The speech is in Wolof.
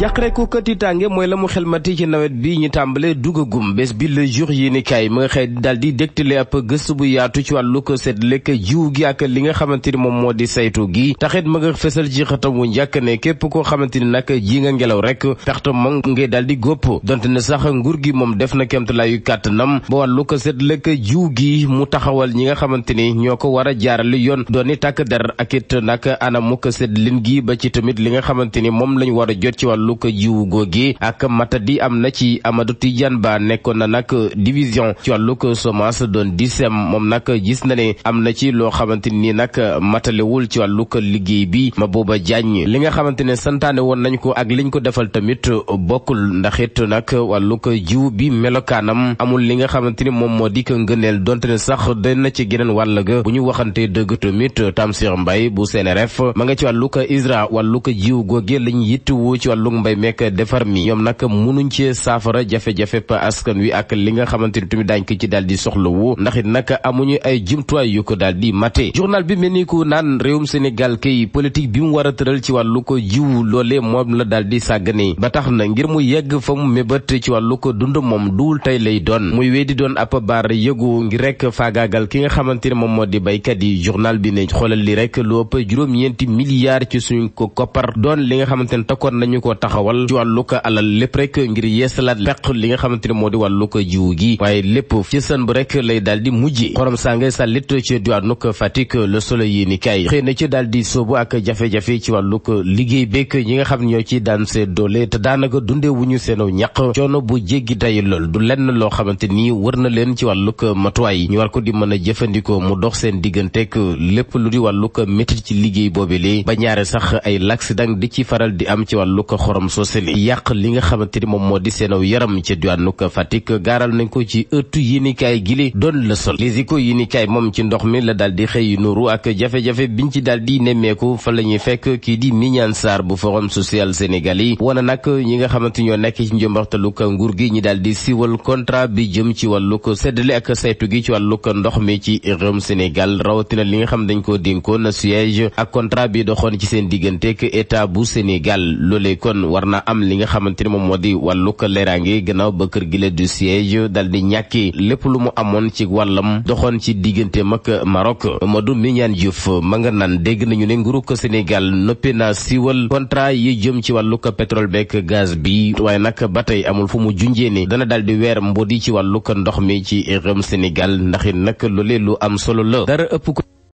jàqare ko kati tànge mooy la mu xelmati ci nawet bi ñu tàmbale dugagum bés bi le jour yi ni kaay ma nga xëy daal di dégtale ab gëstu bu yaatu ci wàllu ko seet lekk jiw gi ak li nga xamante ni moom moo di saytu gi taxit ma nga fësal ci xatam wu njàkk ne képp koo xamante ni nag ji nga ngelaw rek perte moom ngay daal di gópp donte ne sax nguur gi moom def na kéemtalaayu kàttanam ba wàllu ko seet lekk jiw gi mu taxawal ñi nga xamante ni ñoo ko war a jaarali yoon dooni tàkk der ak it nag anamuk seet lin gi ba tamit li nga xamante ni moom lañu war a jot ci wàllu wàllu ko jiwu googi ak matadi am na ci Amadou Tidiane Ba nekkoon na nag division ci wàllu ko semence doon disem moom nag gis na ne am na ci loo xamante ni nag matalewul ci wàllu ko liggéey bi ma booba jaañ li nga xamante ne santaane woon nañ ko ak liñ ko defal tamit bokkul ndax it nag wàllu ko jiw bi melokaanam amul li nga xamante ni moom moo di ko ngëneel donte ne sax dana ci geneen wàll ga bu ñu waxante dëgg tamit Tamsir Mbaye bu CNRF ma nga ci wàllu mbay mekk defar mi ñoom nag munuñ li nga xamante ni tamit daañ ko ci daal di soxlawu ndax it nag amuñu ay jumtuwaay yu ko daal di mate journal bi mel ni ku naan réewum Sénégal kay politique bi mu war a tëral ci wàllu ko jiw loolee moom la daal di sàggane ba tax na ngir mu yegg fa mu mébét ci wallu ko dund moom duul tey lay doon muy wéy di doon ab baar yëgu ngir rek faagaagal ki nga xamante ne moom moo di baykat yi journal bi ne xoolal li rek lu ëpp juróom-ñeenti milliards ci suñ ko koppar doon li nga xamante ne nañu ko tax taxawal ci wàllug alal lépp rek ngir yeesalaat peq li nga xamante ne moo di wàllug jiw gi waaye lépp ci sën bu rek lay daal di mujj xorom saa ngay sàllit ci diwaanug Fatick Le Soleil yéeni kaay xëy na ci daal di soobu ak jafe-jafe ci wàllug liggéey bekk ñi nga xam ne ñoo ci daan seen doole te daanaka dundee wu ñu coono bu jéggi day lool du lenn loo xamante ni wër na leen ci wàllug matuwaay ñu war ko di mën a jëfandikoo mu dox seen digganteeg lépp lu di wàllug métti ci liggéey boobee ba ñaare sax ay l'accident di ci faral di am ci wàllug xorom soosali yàq li nga xamante ni moom moo di seenaw yaram ca diwaanuk Fatick gaaral nañ ko ci ëttu yéenikaay gile doon la sol Les Échos yéenikaay moom ci ndox mi la daal di xëy nuru ak jafe-jafe biñ ci daal di nemmeeku fa la ñuy fekk kii di Mignane Sarr bu forum social sénégal yi wana nag ñi nga xamante ñoo nekk ci njombaxtaluk nguur gi ñi daal di siiwal contrat bi jëm ci wàlluk séddale ak saytu gi ci wàlluk ndox mi ci réewum Sénégal rawatina li nga xam dañ ko dénkoon siège ak contrat bi doxoon ci seen kon war na am li nga xamante ni moom moo di wàllug leeraange gannaaw ba kër gi la du siège dal di ñàkki lépp lu mu amoon ci wàllam doxoon ci digganteem ak Maroc Modou Mignane Diouf ma nga naan dégg nañu ne nguurug Sénégal noppee naa siiwal contrat yi jëm ci wàllug pétrole beeg gaz bi waaye nag ba tey amul fu mu junjee ni dana dal di weer mbodi ci wàllug ndox mi ci réewum Sénégal ndax it nag lu am solo la dara ëpp ko